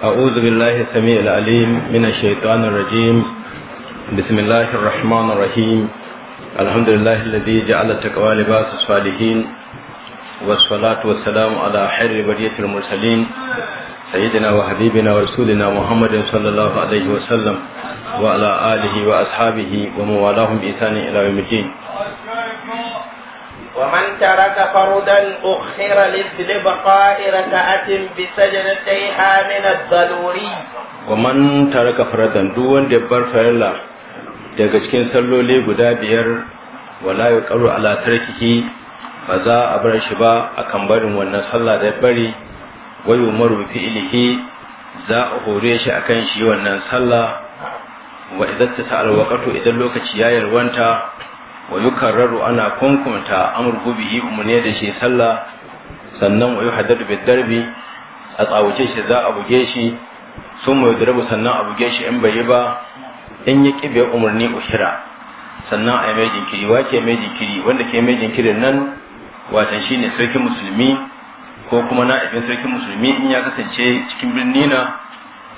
أعوذ بالله السميع العليم من الشيطان الرجيم بسم الله الرحمن الرحيم الحمد لله الذي جعل التقوى لباس الصالحين والصلاة والسلام على خير برية المرسلين سيدنا وحبيبنا ورسولنا محمد صلى الله عليه وسلم وعلى آله وأصحابه وموالاهم بإحسان إلى يوم الدين ترك فردا أخر لبقاء ركعة بسجدتيها من الضروري ومن ترك فردا دون دبر فرلا daga cikin salloli guda biyar wala ya karu ala tarkihi ba za a bar shi ba akan barin wannan sallah da bari wayo umaru fi ilihi za a hore shi akan shi wannan sallah wa idan ta ta'al waqtu idan lokaci ya yarwanta wa yukarraru ana kunkunta amurku bihi ne da shi sallah sannan wa yuhaddadu bid darbi a tsawuce shi za a buge shi sun mu yudrabu sannan a buge shi in bai yi ba in ya kibe umarni ushira sannan a yi mai jinkiri ke mai jinkiri wanda ke mai jinkirin nan watan shine sarkin musulmi ko kuma na ibin sarkin musulmi in ya kasance cikin birni na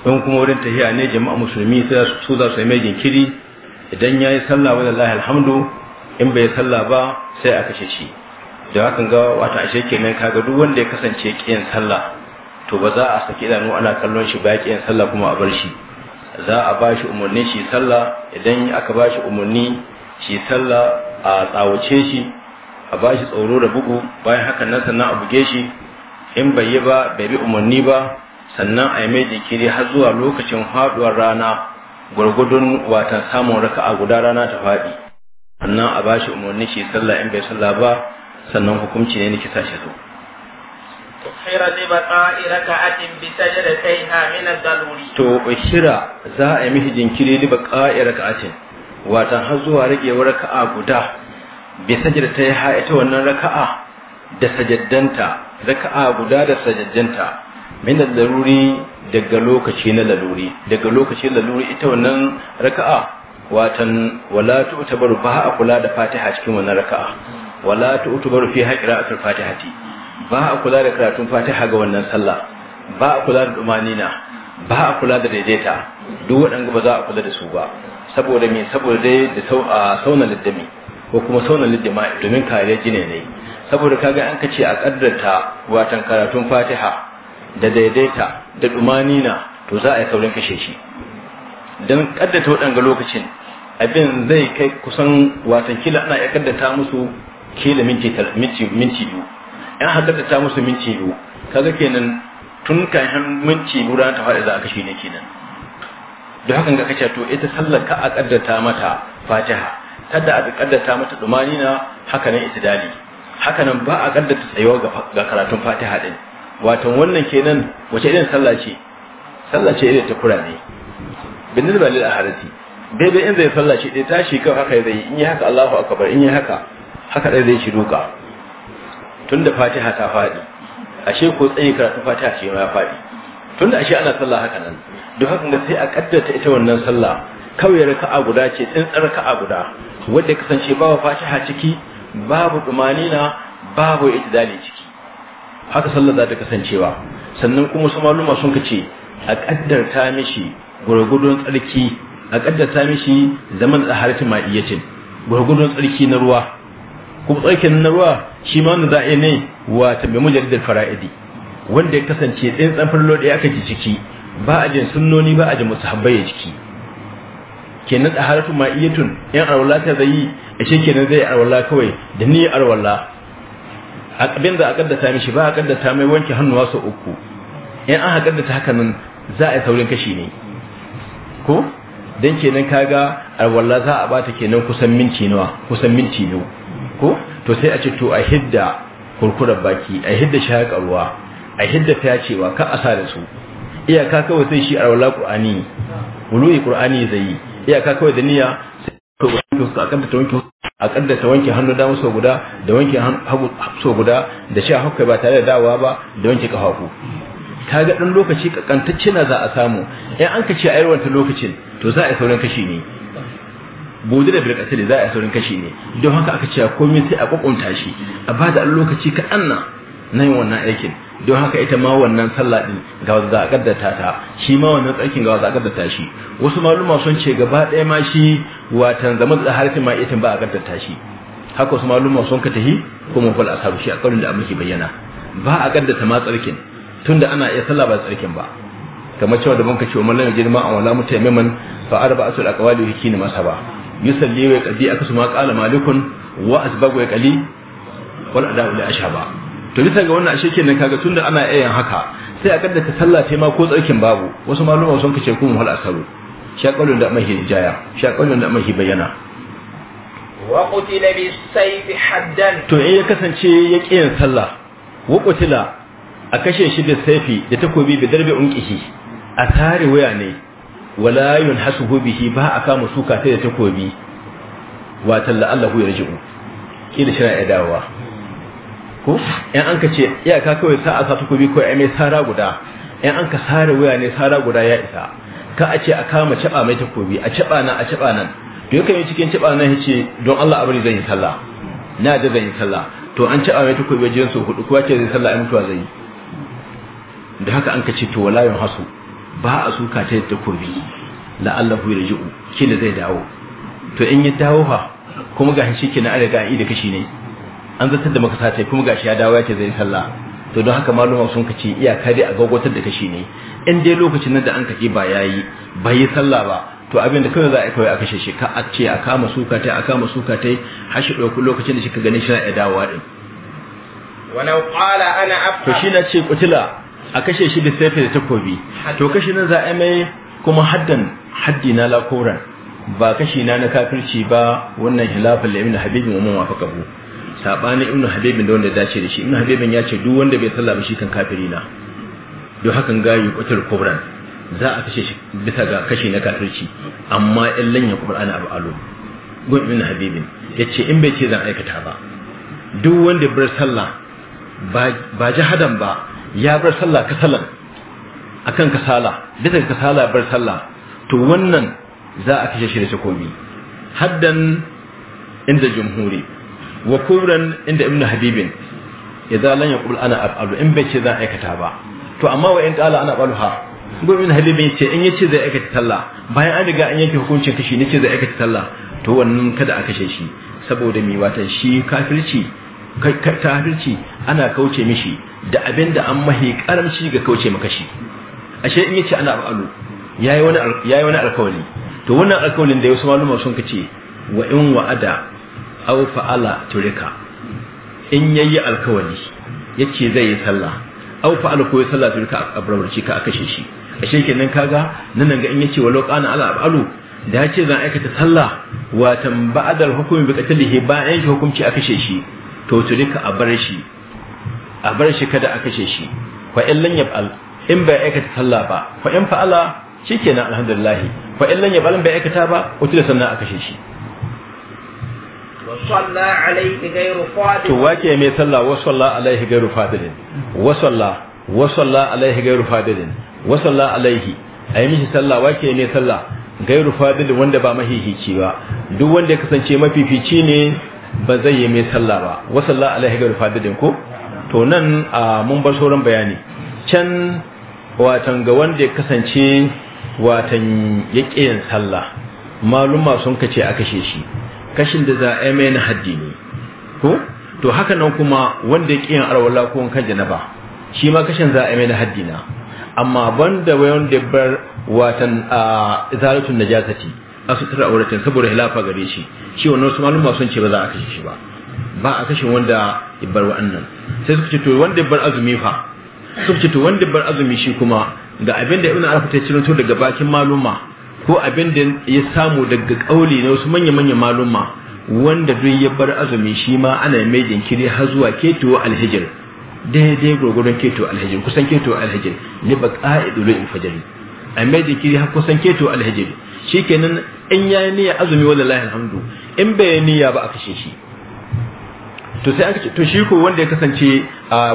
don kuma wurin tahiya ne jama'a musulmi su za su yi mai jinkiri idan ya yi sallah wa lillahi alhamdu in bai sallah ba sai a kashe shi da hakan ga wata ashe kenan kaga duk wanda ya kasance kiyan sallah to ba za a saki idanu ana kallon shi ba kiyan sallah kuma a bar shi za a ba shi umarni shi sallah idan aka ba shi umarni shi sallah a tsawace shi a ba shi tsoro da bugu bayan hakan nan sannan a buge shi in bai yi ba bai bi umarni ba sannan a yi mai jikiri har zuwa lokacin haɗuwar rana gwargwadon wata samun raka'a guda rana ta faɗi sannan a bashi umarni shi sallah in bai sallah ba sannan hukunci ne nake sashi zo tuhira libata'i raka'atin bi sajdatiha min ad-daruri to uhira za a yi mishi jinkiri libata'i raka'atin watan har zuwa ragewar raka'a guda bi ha ita wannan raka'a da sajaddanta raka'a guda da sajaddanta min ad-daruri daga lokaci na laluri daga na laluri ita wannan raka'a watan wala tu'tabaru fa a kula da fatiha cikin wannan raka'a wala tu'tabaru fi qira'atul fatihati ba a kula da karatun fatiha ga wannan sallah ba a kula da dumanina ba a kula da daidaita duk waɗanda ba za a kula da su ba saboda me saboda dai da sauna liddami ko kuma sauna liddima domin kare jine ne saboda kaga an kace a kaddarta watan karatun fatiha da daidaita da dumanina to za a yi saurin kashe shi don kaddata waɗanga lokacin abin zai kai kusan watan kila ana ya kaddata musu kila minti minti minti biyu in aka ta musu minti biyu kaga kenan tun kafin minti biyu ran ta fara za a kashe ne kenan da hakan ga kace to ita sallar ka a kaddata mata fatiha kada a kaddata mata dumani na haka nan itidali haka nan ba a kaddata tsayuwa ga karatun fatiha din watan wannan kenan wace irin sallah ce sallah ce irin ta kurani bin al ahadisi daidai in zai sallah shi dai tashi kan haka zai in yi haka Allahu akbar in yi haka haka dai zai shi duka tunda Fatiha ta fadi ashe ko tsaye karatu Fatiha shi ma ya fadi tunda ashe ana sallah haka nan duk haka ga sai a kaddata ita wannan sallah kawai raka'a guda ce tsintsar raka'a guda wanda kasance babu Fatiha ciki babu dumanina babu itidali ciki haka sallar za ta kasancewa sannan kuma su maluma sun kace a kaddarta mishi gurgudun tsarki a kaddasa mishi zaman da harfi ma'iyyacin gurgurun tsarki na ruwa kuma tsarkin na ruwa shi ma wanda za'a ne wa tambayi mujaddidar fara'idi wanda ya kasance ɗayan tsamfar lodi aka ji ciki ba a jin sunnoni ba a jin musahabbai ciki kenan da harfi ma'iyyatun yan arwala ta zai ce kenan zai arwala kawai da ni arwala abin da a kaddasa mishi ba a kaddasa mai wanke hannuwa sau uku in an haƙar da ta haka nan za a yi saurin kashi ne ko dan kenan kaga alwala za a bata kenan kusan minti nawa kusan minti nawa ko to sai a ce to a hidda kurkurar baki a hidda shakarwa a hidda tacewa ka asa da su iyaka kawai sai shi alwala qur'ani wuluyi qur'ani zai iyaka kawai da niyya sai to wanke su akan ta wanke a ta wanke hannu da musu guda da wanke hagu so guda da sha hukka ba tare da dawa ba da wanke kafafu ga dan lokaci kakantacce na za a samu in an ka ce a yarwanta lokacin to za a yi sauran kashi ne bodi da bilkatil za a yi sauran kashi ne don haka aka ce komai sai a kwakwamta shi a ba da lokaci kaɗan na na yin wannan aikin don haka ita ma wannan sallah din ga wanda za a kaddata ta shi ma wannan tsarkin ga wanda za a kaddata shi wasu maluma sun ce gaba ɗaya ma shi watan zama da harfi ma itin ba a kaddata shi haka wasu maluma sun ka tahi ko mun fal asabu shi a kaulin da muke bayyana ba a kaddata ma tsarkin tunda ana iya sallah ba tsarkin ba kamar cewa da muka ce umar lam girma a wala mutaymiman fa arba'atul aqwali yake ne masa ba yusalli wa qadi akasu ma qala malikun wa asbagu wa qali wal ada'u asha ashaba to bisa ga wannan ashe kenan kaga tunda ana iya yin haka sai a kaddata sallah sai ma ko tsarkin babu wasu maluma sun kace ku hal asaru shaqalun da mahi jaya shaqalun da mahi bayyana wa qutila bis sayf haddan to eh kasance yake yin sallah wa qutila a kashe shi da saifi da takobi bi darbe unqihi a tare waya ne wala yunhasuhu bihi ba a kama suka ta da takobi wa talla Allahu yarji'u kila shira ya dawowa ko in an ka ce iyaka kawai sa a sa takobi ko ai mai sara guda in an ka sare waya ne sara guda ya isa ka a ce a kama caba mai takobi a caba nan a caba nan to yakan yi cikin caba nan yace don Allah abari zan yi sallah na da zan yi sallah to an caba mai takobi wajen su hudu kuwa ce zai sallah ai mutuwa zai yi da haka an kace to wala hasu ba a suka ta yadda la allahu yarji'u kila zai dawo to in ya dawo fa kuma ga shi kina an riga an ida kashi ne an zata da maka sace kuma gashi ya dawo ya ce zai sallah to don haka maluma sun kace iyaka dai a gaggautar da kashi ne in dai lokacin nan da an kace ba yayi ba yi sallah ba to abin da kawai za a kawai a kashe shi ka a ce a kama suka ta a kama suka ta har shi ɗauki lokacin da shi ka gani shi na iya dawowa din wani qala ana afka. to shi na ce kutila a kashe shi da saifi da takobi to kashi nan za a mai kuma haddan haddi na lakoran ba kashi na na kafirci ba wannan hilafin da ibn habibin umman wa fakabu sabani ibn habibin da wanda ya dace da shi ibn habibin ya ce duk wanda bai sallah ba shi kan kafiri na do hakan gayu kwatar kubran za a kashe shi bisa ga kashi na kafirci amma in lanya qur'ani abu alo gun ibn habibin yace in bai ce zan aikata ba duk wanda bar sallah ba jahadan ba ya bar sallah kasalan akan kasala bisa kasala bar sallah to wannan za a kashe shi da takobi haddan inda jumhuri wa kubran inda ibnu habibin idza lan yaqul ana af'alu in bai ce za aikata ba to amma wa in qala ana af'aluha ibnu habibin ce in yace zai aikata sallah, bayan an riga an yanke hukuncin kashi ce zai aikata sallah, to wannan kada a kashe shi saboda mi watan shi kafirci kafirci ana kauce mishi da abin da an mahi karamci ga kauce makashi ashe in yace ana ba'alu yayi wani yayi wani alkawali to wannan alkawalin da wasu maluma sun kace wa in wa'ada aw fa'ala turika in yayi alkawali yace zai yi sallah aw fa'ala ko yi sallah turika a barbarci ka aka shi ashe kenan kaga nan ga in yace walau qana ala ba'alu da yace zan aikata sallah wa ba'dal hukumi bi qatlihi ba'in shi hukunci aka kashe shi to turika a bar shi a bar shi kada a kashe shi fa in lan yaf'al in bai aikata sallah ba fa in fa'ala shikenan alhamdulillah fa in lan yaf'al bai aikata ba da sannan a kashe shi wasalla alaihi gairu fadil to wake mai sallah wasalla alaihi gairu fadilin wa wasalla alaihi gairu fadilin wasalla alaihi ayi mishi sallah wake mai sallah gairu wanda ba mahihici ba duk wanda ya kasance mafifici ne ba zai yi mai sallah ba wasalla alaihi ga fadilin ko to nan mun bar sauran bayani can watan ga wanda ya kasance watan ya kiyan sallah maluma sun kace a kashe shi kashin da za a yi mai na haddi ne ko to haka nan kuma wanda ya kiyan arwala ko kan janaba shi ma kashin za a yi mai na haddi na amma banda wanda bar watan a najasati a sutura auratan saboda hilafa gare shi shi wannan wasu malum sun ce ba za a kashe shi ba ba a kashe wanda ya bar wa'annan sai suka ce to wanda ya bar azumi fa suka ce to wanda ya bar azumi shi kuma ga abin da ibn arafa ta ciranto daga bakin maluma ko abin da ya samu daga kauli na wasu manya-manya maluma wanda duk ya bar azumi shi ma ana mai jinkiri har zuwa keto alhijr daidai gurgurun keto alhijr kusan keto alhijr ne ba ka'idulu in a mai jinkiri har kusan keto alhijr shikenan in ya niyya azumi wallahi alhamdu in bai niyya ba a kashe shi to sai an ce to shi ko wanda ya kasance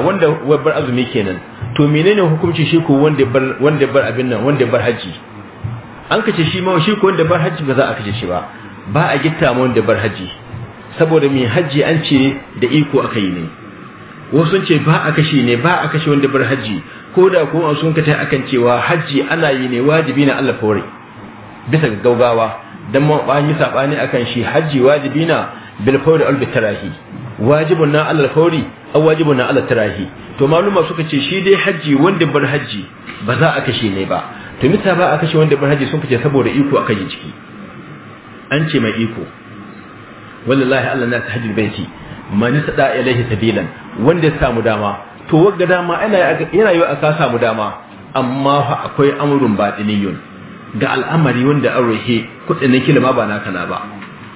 wanda wabbar azumi kenan to menene hukunci shi ko wanda bar wanda bar abin nan wanda bar haji an kace shi ma shi ko wanda bar haji ba za a kace shi ba ba a gitta ma wanda bar haji saboda mai haji an ce da iko aka yi ne wasu sun ce ba a kashe ne ba a kashe wanda bar haji ko da ko sun kata akan cewa haji ana yi ne wajibi na Allah kawai bisa gaugawa dan mun an yi sabani akan shi hajji wajibi na bil fawri al bitarahi wajibun na al fawri aw na al to maluma suka ce shi dai hajji wanda bar hajji ba za a kashe ne ba to mita ba a kashe wanda bar hajji sun fice saboda iko aka yi ciki an ce mai iko wallahi Allah na ta hajjul baiti man sada ilaihi sabilan wanda ya samu dama to wagga dama yana yana yi ka samu dama amma akwai amrun batiniyun Da al'amari wanda an rahe kudin na kila ma ba naka na ba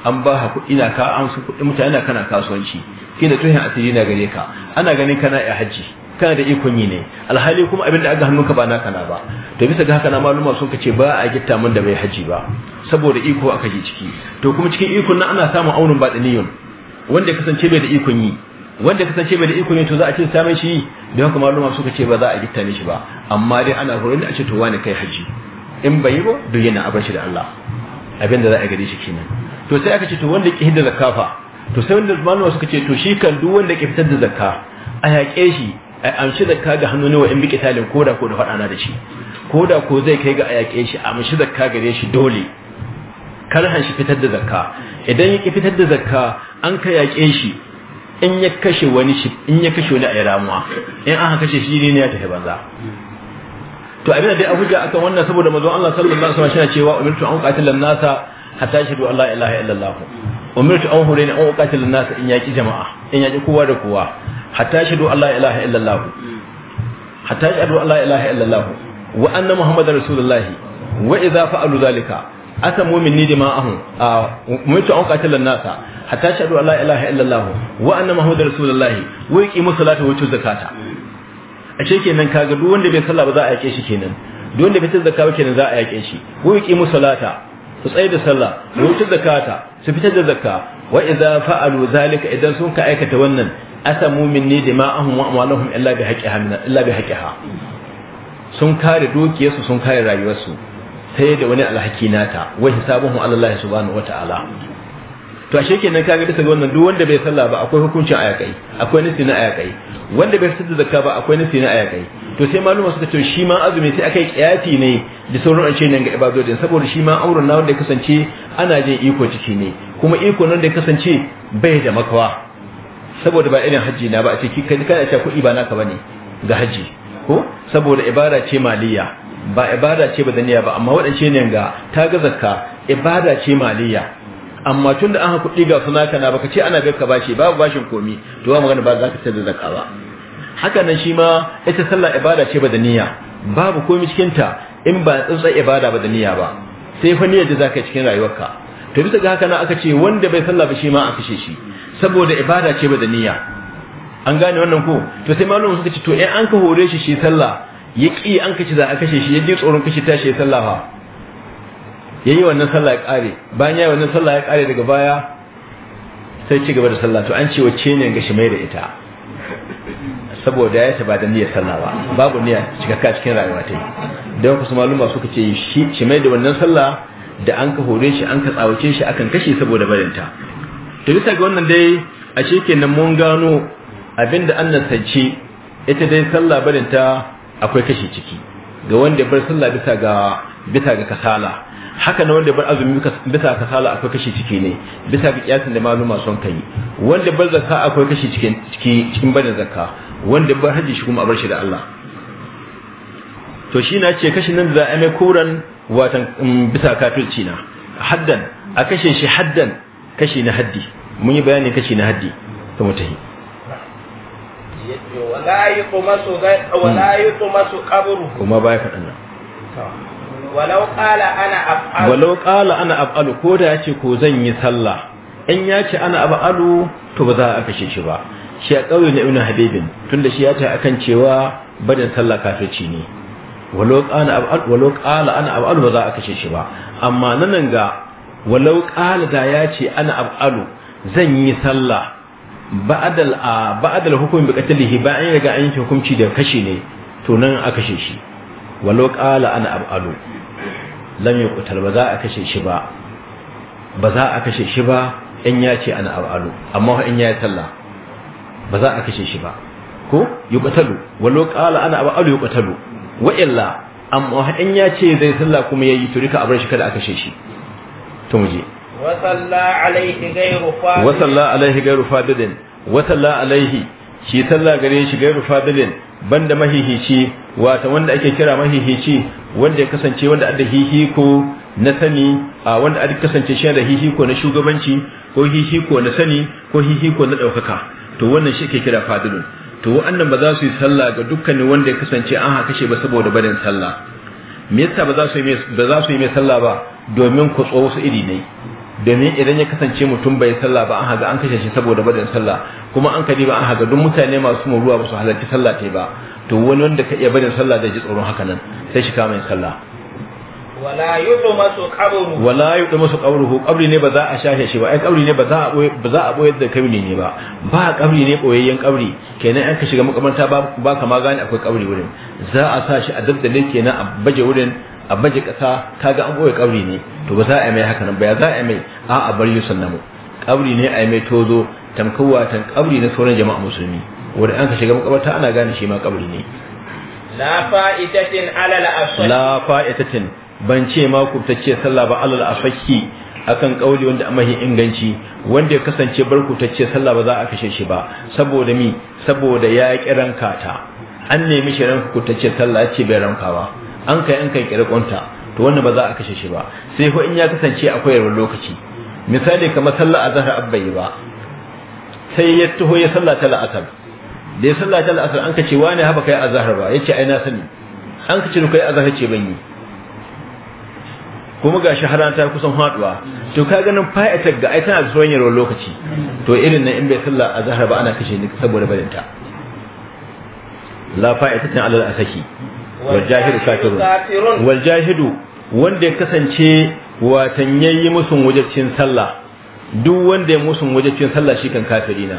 an ba ha kuɗi na ka an su kuɗi mutane kana kasuwanci kina tuhin asiri na gare ka ana ganin kana ya hajji kana da ikon yi ne alhali kuma abin da aka hannu ka ba naka na ba to bisa ga haka na maluma sun kace ba a gitta mun da bai haji ba saboda iko aka ji ciki to kuma cikin ikon nan ana samun aunin baɗiniyun wanda ya kasance bai da ikon yi wanda kasance bai da iko ne to za a ce samun shi da haka maluma suka ce ba za a gitta shi ba amma dai ana horon da a ce to wani kai haji in bai ba duk yana a shi da Allah abin da za a gare shi kenan to sai aka ce to wanda ke hidda zakka to sai wanda malama suka ce to shi kan duk wanda ke fitar da zakka a yaƙe shi a amshi zakka ga hannu ne wa in talin ko da ko da faɗa na da shi ko da ko zai kai ga a yaƙe shi a amshi zakka gare shi dole kar han shi fitar da zakka idan ya fitar da zakka an ka yaƙe shi in ya kashe wani in ya kashe wani a ramuwa in an kashe shi ne ya tafi banza to abin da dai a hujja akan wannan saboda manzon Allah sallallahu alaihi wasallam yana cewa umirtu an qatila nasa hatta yashhadu an la ilaha illallah umirtu an hurayni an qatila nasa in yaki jama'a in yaki kowa da kowa hatta yashhadu an la ilaha illallah hatta yashhadu an la ilaha illallah wa anna muhammadar rasulullahi wa idza fa'alu dhalika asa mu'minni dima'ahum umirtu an qatila nasa hatta yashhadu an la ilaha illallah wa anna muhammadar rasulullahi wa yuqimu salata wa yutu zakata ashe kenan kaga duk wanda bai sallah ba za a yake shi kenan duk wanda bai fitar zakka ba kenan za a yake shi ya kimu salata su tsaye da sallah su wuce zakata su fitar da zakka wa idza fa'alu zalika idan sun ka aikata wannan asamu minni dima'ahum wa amwaluhum illa bi haqqiha min illa bi haqqiha sun kare dukiyarsu sun kare rayuwarsu sai da wani alhaki nata wa hisabuhum ala Allah subhanahu ta'ala to ashe kenan kaga bisa ga wannan duk wanda bai sallah ba akwai hukuncin ayakai akwai nasi na ayakai wanda bai sadda zakka ba akwai nasi na ayakai to sai maluma suka ce shi ma azumi sai akai kiyati ne da sauran an ce nan ga din saboda shi ma auren na wanda ya kasance ana jin iko ciki ne kuma iko nan da ya kasance bai da makawa saboda ba irin hajji na ba a ce kai a cewa kuɗi ba naka bane ga hajji ko saboda ibada ce maliya ba ibada ce badaniya ba amma waɗance ne ga ta ga zakka ibada ce maliyya. amma tun da an haku ɗiga suna kana baka ce ana baka bashi babu bashin komi to ba magana ba za ka tada zakka ba haka nan shi ma ita sallah ibada ce ba da niyya babu komi cikin ta in ba tsantsan ibada ba da niyya ba sai fa niyyar da zaka yi cikin rayuwarka to bisa ga haka nan aka ce wanda bai sallah ba shi ma a kashe shi saboda ibada ce ba da niyya an gane wannan ko to sai malamin suka ce to in an ka hore shi shi sallah ya an kace za a kashe shi ya ji tsoron kashe ta shi sallah fa ya yi wannan sallah ya ƙare bayan ya yi wannan sallah ya ƙare daga baya sai ci gaba da sallah to an ce wacce ne ga shi mai da ita saboda ya ta ba da niyyar sallah ba babu niyya cikakka cikin rayuwa ta yi don kusa maluma suka ce shi mai da wannan sallah da an ka hore shi an ka tsawace shi akan kashe saboda barinta to bisa ga wannan dai a kenan mun gano abinda an nasance ita dai sallah barinta akwai kashe ciki ga wanda bar sallah bisa ga bisa ga kasala haka na wanda bar azumi bisa kasala akwai kashi ciki ne bisa ga kiyasin da maluma son kai wanda bar zakka akwai kashi cikin cikin bada zakka wanda bar haji shi kuma a bar shi da Allah to shi na ce kashin nan da za a mai kuran watan um, bisa kafirci na haddan a kashe shi haddan kashi na haddi mun yi bayani kashi na haddi ta mutahi wala yi kuma su kaburu kuma baya faɗin nan walau qala ana af'alu walau qala ana ko da ya ce ko zan yi sallah in ya ce ana af'alu to ba za a kashe shi ba shi a ƙauye na ibn habibin tunda shi ya ce akan cewa barin sallah kafirci ne walau qala ana af'alu ba za a kashe shi ba amma nan ga walau qala da ya ce ana af'alu zan yi sallah ba'adal a ba'adal hukumi bi an bayan riga an yi hukunci da kashe ne to nan a kashe shi walau qala ana af'alu lam yuqtal ba za a kashe shi ba ba za a kashe shi ba in ya ce ana abalu amma in ya yi sallah ba za a kashe shi ba ko yuqtalu wallo qala ana abalu yuqtalu wa illa amma in ya ce zai sallah kuma yayi to duka abar shi kada a kashe shi to muje wa sallallahu alaihi ghairu fadil wa sallallahu alaihi ghairu fadil wa sallallahu alaihi shi talla gare shi gairu fadilin banda mahihici wata wanda ake kira mahihici wanda ya kasance wanda adda hihiko na sani a wanda adda kasance shi da hihiko na shugabanci ko hihiko na sani ko hihiko na daukaka to wannan shi ake kira fadilin to wannan ba za su yi sallah ga dukkanin wanda ya kasance an haka shi ba saboda barin sallah me yasa ba za su yi ba za su yi mai sallah ba domin ku tsowo su iri ne domin idan ya kasance mutum bai sallah ba an haga an kashe shi saboda barin sallah kuma an kadi ba an haga duk mutane masu muruwa ba su halarci sallah ta ba to wani wanda ka iya barin sallah da ji tsoron haka nan sai shi kama yin sallah wala masu qabruhu wala qabri ne ba za a shafe shi ba ai qabri ne ba za a ba za da kabri ne ba ba qabri ne boyayyen qabri kenan an ka shiga makamanta ba ba kama gani akwai qabri wurin za a sa shi a dabdale kenan a baje wurin a baje ƙasa kaga an boye kabri ne to ba za a yi mai haka nan ba ya za a yi mai a a bar yusun namu kabri ne a yi mai tozo tamkawa tan kabri na sauran jama'a musulmi wanda an ka shiga makabarta ana gane shi ma kabri ne la fa'itatin alal asfaki la fa'itatin ban ce ma ku ce sallah ba alal asfaki akan kauri wanda amma yi inganci wanda ya kasance ce sallah ba za a kashe shi ba saboda mi saboda ya kiran kata an nemi shi ranka ce sallah ce bai ranka ba an kai an kai kirkonta to wannan ba za a kashe shi ba sai ko in ya kasance akwai yarwar lokaci misali kamar sallar azhar abbai ba sai ya taho ya ta la'asar da ya sallata la'asar an kace wani haba kai azhar ba yace ai na sani an kace ni kai azhar ce ban yi kuma ga shahara ta kusan haduwa to ka ganin fa'ita ga ai tana da tsohon lokaci to irin nan in bai sallar azhar ba ana kashe ni saboda barinta la ta alal asaki wal jahidu kafirun wanda ya kasance watan yayi musun wajibcin sallah duk wanda ya musun wajibcin sallah shi kan kafiri na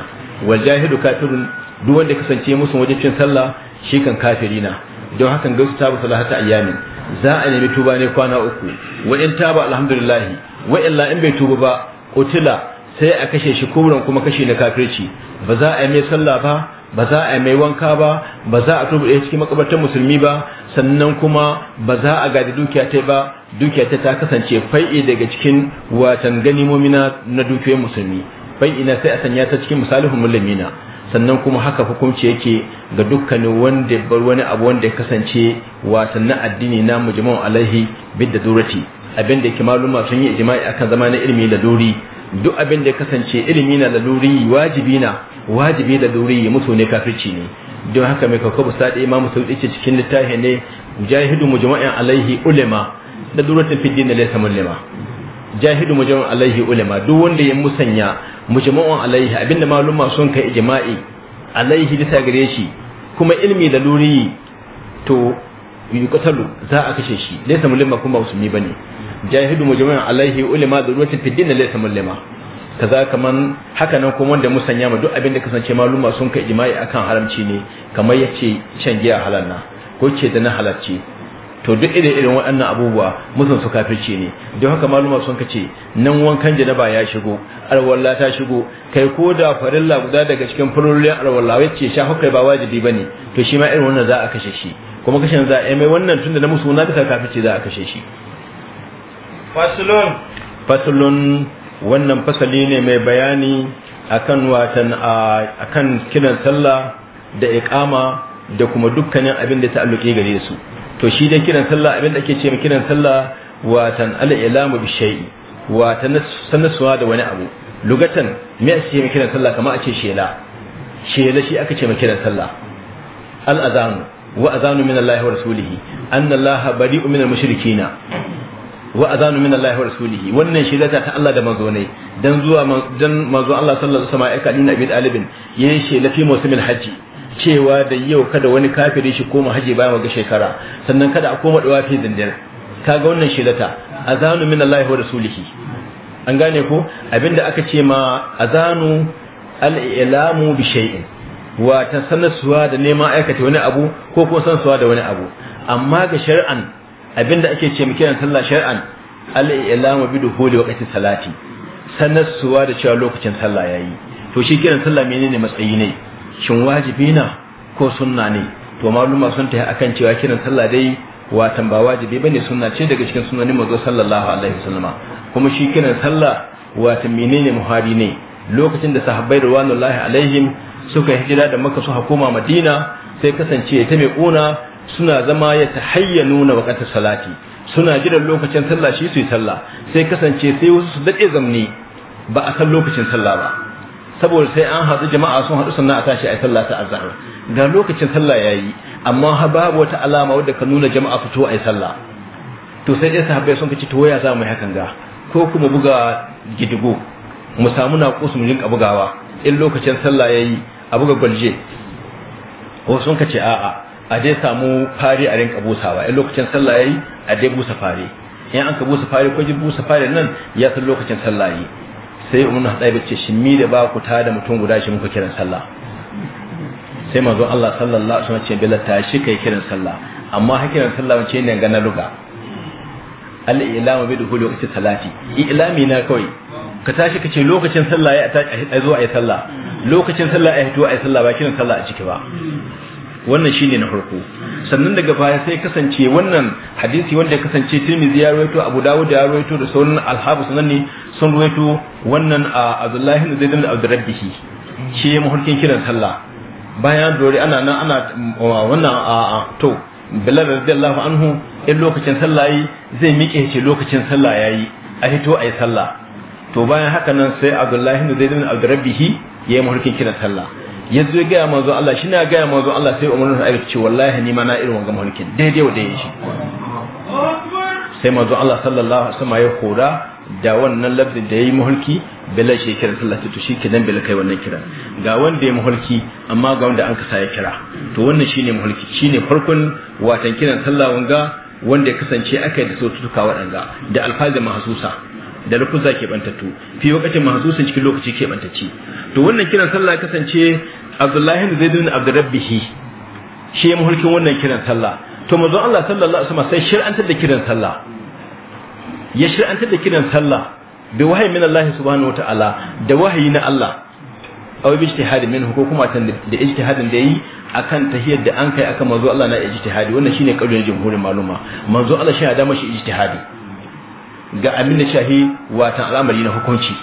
wal jahidu kafirun duk wanda ya kasance musun wajibcin sallah shi kan kafiri na don hakan gaisu tabu salahata ayyamin za a nemi tuba ne kwana uku wa in taba alhamdulillah wa illa in bai tuba ba kutila sai a kashe shi kuburan kuma kashe na kafirci ba za a yi mai sallah ba ba za a mai wanka ba ba za a ɗaya cikin makabartar musulmi ba sannan kuma ba za a gadi dukiya ta ba dukiya ta ta kasance fai'i daga cikin watan ganimomi na dukiyoyin musulmi fai'i na sai a sanya ta cikin misalihun mulamina sannan kuma haka hukunci yake ga dukkanin wanda bar wani abu wanda ya kasance watan na addini na mujamman alaihi da durati abin da ke maluma sun yi ijma'i akan zama na ilimi da duri duk abin da ya kasance ilimi na da duri wajibi na wajibi da duri ya mutu ne kafirci ne don haka mai kakwabu sadi imamu sauɗi ce cikin littafi ne jahidu mujma'in alaihi ulama da duratun fiddin da laysa mulima jahidu mujma'in alaihi ulama duk wanda ya musanya mujma'in alaihi abinda maluma sun kai ijma'i alaihi bisa gare shi kuma ilmi da duri to yi yuqtalu za a kashe shi laysa mulima kuma musulmi bane jahidu mujma'in alaihi ulama da duratun fiddin da laysa mulima kaza kaman haka nan kuma wanda musanya ma duk abin da kasance maluma sun kai jima'i akan haramci ne kamar yace shan giya halal na ko ce da na halarci to duk ire irin waɗannan abubuwa musun su kafirci ne don haka maluma sun kace nan wankan janaba ya shigo alwala ta shigo kai ko da farilla guda daga cikin farillin alwalla wacce sha hukai ba wajibi bane to shi ma irin wannan za a kashe shi kuma kashe za a yi mai wannan tunda na musu na duka kafirci za a kashe shi fasulun fasulun wannan fasali ne mai bayani akan watan akan kiran sallah da iqama da kuma dukkanin abin da ta'alluke gare su to shi dai kiran sallah abin da ake ce kiran sallah watan al-ilamu bi shay'i watan sanaswa da wani abu lugatan me ake ce kiran sallah kamar a ce shela shela shi aka ce kiran sallah al-azanu wa azanu min Allah wa rasulih annallaha bari'u min al-mushrikina wa azanu min Allah wa rasulihi wannan shirata ta Allah da manzo ne dan zuwa dan manzo Allah sallallahu alaihi wasallam ya kadin Abi dalibin yayin shi lafi musulmin haji cewa da yau kada wani kafiri shi koma haji bayan ga shekara sannan kada a koma dawa fi dindir kaga wannan shirata ta azanu min Allah wa rasulihi an gane ko abinda aka ce ma azanu al-ilamu bi shay'in wa ta da neman aikata wani abu ko kuma sansuwa da wani abu amma ga shari'an. abinda ake ce mu kiran sallah shar'an al-ilamu bi dukhuli waqti salati sanarsuwa da cewa lokacin sallah yayi to shi kiran sallah menene matsayi ne shin wajibi na ko sunna ne to maluma sun tafi akan cewa kiran sallah dai watan ba wajibi bane sunna ce daga cikin sunanin manzo sallallahu alaihi wasallama kuma shi kiran sallah watan menene muhari ne lokacin da sahabbai radwanullahi alaihim suka hijira da makka su hukuma madina sai kasance ta mai kuna suna zama ya ta hayya nuna waqta salati suna jiran lokacin sallah shi su yi sallah sai kasance sai wasu su dade zamni ba a san lokacin sallah ba saboda sai an haɗu jama'a sun haɗu sannan a tashi a sallah ta azhar ga lokacin sallah yayi amma ha babu wata alama wadda ka nuna jama'a fito a sallah to sai dai sahabbai sun kace to waya za mu yi hakan ga ko kuma buga gidigo mu samu na kusa mu rinka bugawa in lokacin sallah yayi a buga gwalje ko sun kace a'a a dai samu fari a rinka busawa in lokacin sallah yayi a dai busa fari in an ka busa fari ko ji busa fari nan ya san lokacin sallah yayi sai ummu hadaiba ce shimmi da ba ku ta da mutum guda shi muka kiran sallah sai manzon Allah sallallahu alaihi wasallam ce bila ta shi kai kiran sallah amma hakiran kiran sallah ce ne ga na luga al ilamu bi dukhuli waqti salati ilami na kawai ka tashi kace lokacin sallah ya a zo a yi sallah lokacin sallah ya hito a yi sallah ba kiran sallah a ciki ba wannan shi ne na farko sannan daga baya sai kasance wannan hadisi wanda ya kasance tirmizi ya rawaito Abu Dawud ya rawaito da sauran alhabu sunan ne sun rawaito wannan a Abdullah ibn Zaid ibn Abdurrabbih shi ya mahurkin kiran sallah bayan dore ana nan ana wannan a to Bilal radiyallahu anhu in lokacin sallah yi zai miƙe ce lokacin sallah yayi a hito ayi sallah to bayan haka nan sai Abdullah ibn Zaid ibn Abdurrabbih ya yi mahurkin kiran sallah ya zo ya gaya manzo Allah shi na gaya manzo Allah sai Umar bin Khattab wallahi ni ma na irin wanga mulkin daidai wa daidai shi sai manzo Allah sallallahu alaihi wasallam ya kora da wannan labdi da yayi mulki bila shi kira sallah to shi nan bila kai wannan kira ga wanda ya mulki amma ga wanda an kasa ya kira to wannan shine mulki shine farkon watan kiran sallah wanga wanda ya kasance aka yi da sautuka waɗanda da alfazin mahasusa da ke keɓantattu fi lokacin mahasusin cikin lokaci ke bantacci to wannan kiran sallah kasance abdullahi zai dun Abdurrabbih shi ya mulkin wannan kiran sallah to manzo allah sallallahu alaihi wasallam sai shir'antar da kiran sallah ya shir'antar da kiran sallah bi wahayi min allah subhanahu wataala da wahayi na allah aw bi ijtihadin minhu ko kuma tan da ijtihadin da yi akan tahiyyar da an kai akan manzo Allah na ijtihadi wannan shine kaulin jumhurin maluma manzo Allah shi ya da mashi ijtihadi ga abin da shahi watan al'amari na hukunci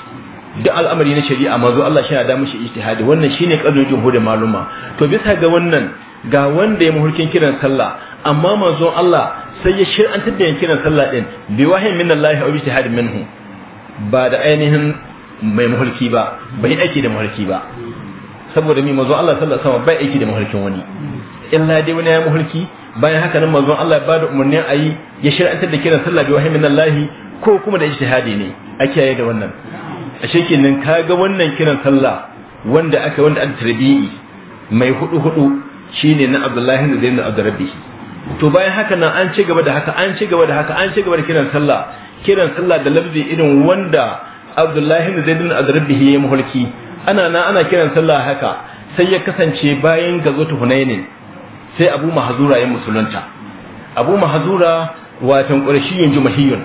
duk al'amari na shari'a mazo Allah shi da mishi ijtihadi wannan shine kadin jumhur da maluma to bisa ga wannan ga wanda ya muhurkin kiran sallah amma manzo Allah sai ya shir'antar da kiran sallah din bi wahin min Allah aw ijtihadi minhu ba da ainihin mai muhulki ba bai aiki da muhulki ba saboda mi manzo Allah sallallahu alaihi wasallam bai aiki da muhulkin wani illa dai wani ya muhulki bayan haka nan manzo Allah ya bada umarnin ayi ya shir'antar da kiran sallah bi wahin min Allah ko kuma da ijtihadi ne a kiyaye da wannan a ka ga wannan kiran sallah wanda aka wanda an tarbiyi mai hudu hudu shine na Abdullahi da zainu to bayan haka nan an ci gaba da haka an ci gaba da haka an ci gaba da kiran sallah kiran sallah da lafzi irin wanda Abdullahi da zainu ya mulki ana na ana kiran sallah haka sai ya kasance bayan ta Hunainin sai Abu Mahzura ya musulunta Abu Mahzura watan Qurashiyun Jumahiyun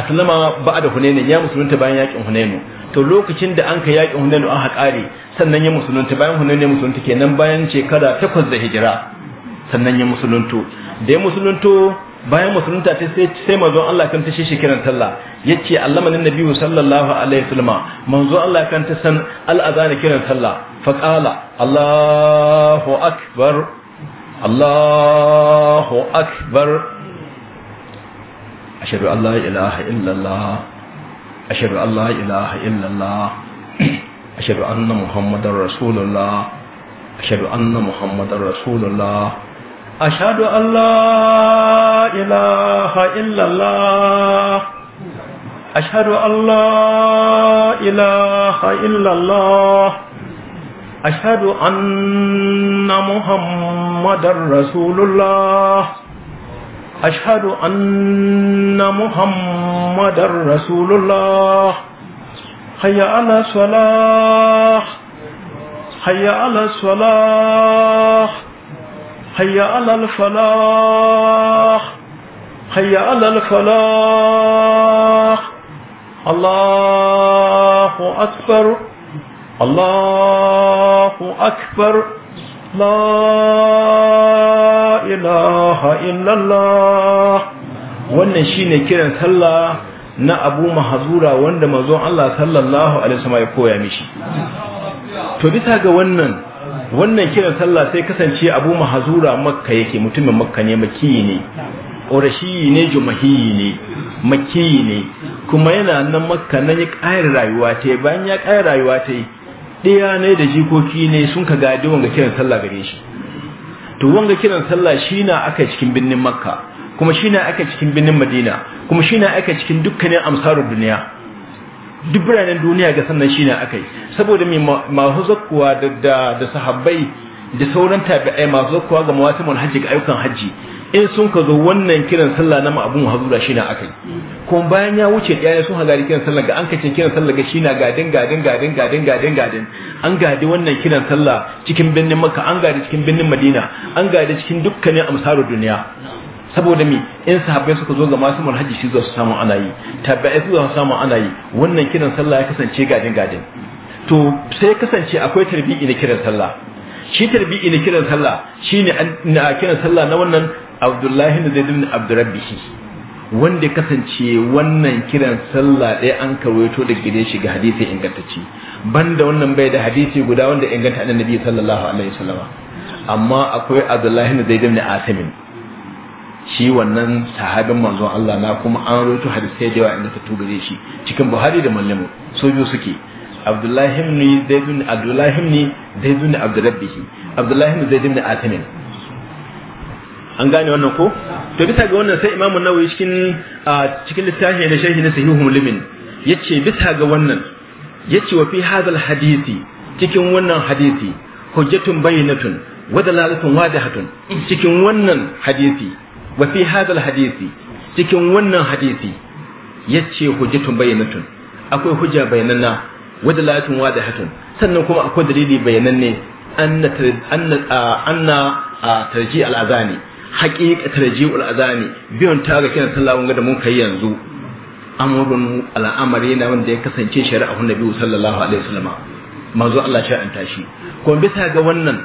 sanama ba da hunainin ya musulunta bayan yakin hunenu to lokacin da an ka yakin hunenu an haƙari sannan ya musulunta bayan hunainu ya musulunta nan bayan shekara takwas da hijira sannan ya musulunto da ya musulunto bayan musulunta ta sai sai manzon Allah kan ta shi kiran sallah yace allama nan nabi sallallahu alaihi wasallam manzon Allah kan ta san da kiran sallah fa qala Allahu akbar Allahu akbar أشهد أن لا إله إلا الله أشهد أن لا إله إلا الله أشهد أن محمد رسول الله أشهد أن محمد رسول الله أشهد أن لا إله إلا الله أشهد أن لا إله إلا الله أشهد أن محمد رسول الله أشهد أن محمد رسول الله حي على الصلاة حي على الصلاة حي على الفلاح حي على الفلاح الله أكبر الله أكبر الله ilaha illallah wannan shine kiran sallah na abu mahazura wanda manzon Allah sallallahu alaihi wasallam ya koya mishi to bisa ga wannan wannan kiran sallah sai kasance abu mahazura makka yake mutumin makka ne makiyi ne qurashi ne jumahi ne maki ne kuma yana nan makka nan ya ƙayar rayuwa ta bayan ya ƙayar rayuwa ta ɗaya ne da jikoki ne sun ka gadi wanga kiran sallah gare shi to wanga kiran sallah shi na aka cikin binnin makka kuma shi na aka cikin binnin madina kuma shi na aka cikin dukkanin amsarar duniya duk biranen duniya ga sannan shi na aka yi saboda mai masu zakkuwa da sahabbai da sauran tabi'ai masu zakkuwa ga mawatimun hajji ga ayyukan hajji in sun ka zo wannan kiran sallah na ma'abun hazura shi na aka yi kuma bayan ya wuce ɗaya sun hagari kiran sallah ga an kace kiran sallah ga shi na gadin gadin gadin gadin gadin gadin an gadi wannan kiran sallah cikin birnin makka an gadi cikin birnin madina an gadi cikin dukkanin amsarar duniya saboda mi in sahabbai suka zo ga masu manhaji shi za su samu ana yi tabbai su za su samu ana yi wannan kiran sallah ya kasance gadin gadin to sai kasance akwai tarbi'i na kiran sallah shi tarbi'i na kiran sallah shine a kiran sallah na wannan abdullahi da zai dimni abdurabbihi wanda kasance wannan kiran sallah ɗaya an karwaito da gidan shi ga hadisi ingantacce banda wannan bai da hadisi guda wanda inganta annabi sallallahu alaihi wasallam amma akwai abdullahi da zai dimni asimin shi wannan sahabin manzon Allah na kuma an rawaito hadisai da yawa inda ta tugare shi cikin Buhari da Muslim so biyu suke Abdullahi ibn Zaid ibn Abdullahi ibn Zaid ibn Abdurrabbih Abdullahi ibn Zaid ibn Atamin an gane wannan ko to bisa ga wannan sai imamu nawawi cikin cikin littafin na sharhi na sahihu muslimin yace bisa ga wannan yace wa fi hadal hadisi cikin wannan hadisi hujjatun bayyinatun wa dalalatun wadihatun cikin wannan hadisi wa fi hadal hadisi cikin wannan hadisi yace hujjatun bayyinatun akwai hujja bayyananna wa dalalatun wadihatun sannan kuma akwai dalili bayyananne anna anna tarji al-azani haƙiƙa ta tarji'ul azami biyan ta ga kina sallah wanga da mun kai yanzu amurin al'amari yana wanda ya kasance shari'a hun nabi sallallahu alaihi wasallama manzo Allah ya an tashi kuma bisa ga wannan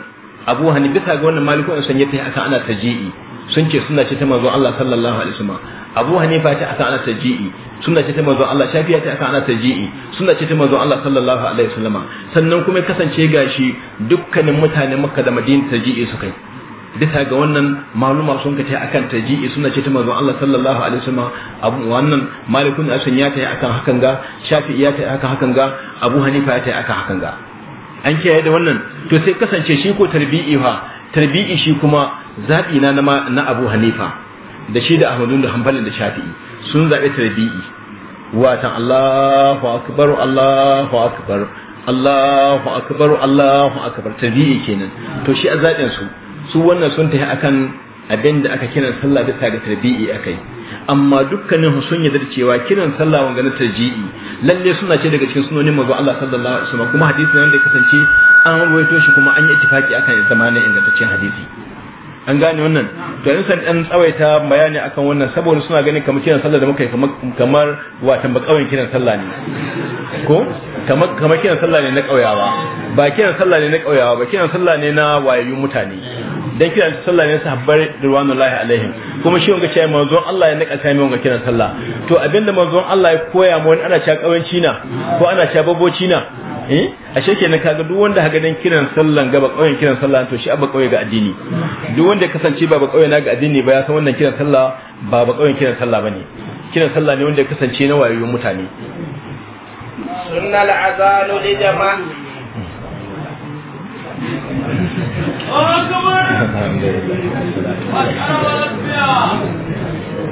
Abu Hani bisa ga wannan Maliku an sanya ta aka ana tarji'i sun ce suna ce ta manzo Allah sallallahu alaihi wasallam Abu Hanifa ta aka ana tarji'i suna ce ta manzo Allah Shafi'i ta aka ana tarji'i suna ce ta manzo Allah sallallahu alaihi wasallama sannan kuma kasance gashi dukkanin mutanen Makka da Madina tarji'i suka yi bisa ga wannan maluma sun kace akan taji'i suna ce ta manzon Allah sallallahu alaihi wasallam abu wannan malikun asan ya ta yi akan hakan ga shafi ya ta yi akan hakan ga abu hanifa ya ta yi akan hakan ga an kiyaye da wannan to sai kasance shi ko tarbi'i fa tarbi'i shi kuma zabi na na abu hanifa da shi da ahmadu da hanbalin da shafi'i sun zabi tarbi'i watan Allahu akbar Allahu akbar Allahu akbar Allahu akbar tarbi'i kenan to shi a su su wannan sun tafi akan abin da aka kiran sallah ta ga tarbi'i akai amma dukkanin sun yarda cewa kiran sallah wanga na tarji'i lalle suna ce daga cikin sunonin manzo Allah sallallahu alaihi wasallam kuma hadisi ne da ya kasance an rawaito shi kuma an yi ittifaki akan zamanin ingantaccen hadisi an gane wannan to an san dan tsawaita bayani akan wannan saboda suna ganin kamar kiran sallah da muka yi kamar watan ba kauyen kiran sallah ne ko kamar kamar kiran sallah ne na kauyawa ba kiran sallah ne na kauyawa ba kiran sallah ne na wayayyun mutane dan kiran sallah ne sahabbai ridwanullahi alaihim kuma shi wanga cewa manzon Allah ya naka ta mai wanga kiran sallah to abinda manzon Allah ya koya mu wani ana cewa kawanci na ko ana cewa baboci na eh ashe kenan kaga duk wanda haga dan kiran sallah gaba kauyen kiran sallah to shi abba kauye ga addini duk wanda ya kasance ba ba kauye na ga addini ba ya san wannan kiran sallah ba ba kauyen kiran sallah bane kiran sallah ne wanda ya kasance na wayoyin mutane sunnal azanu li jama'a والا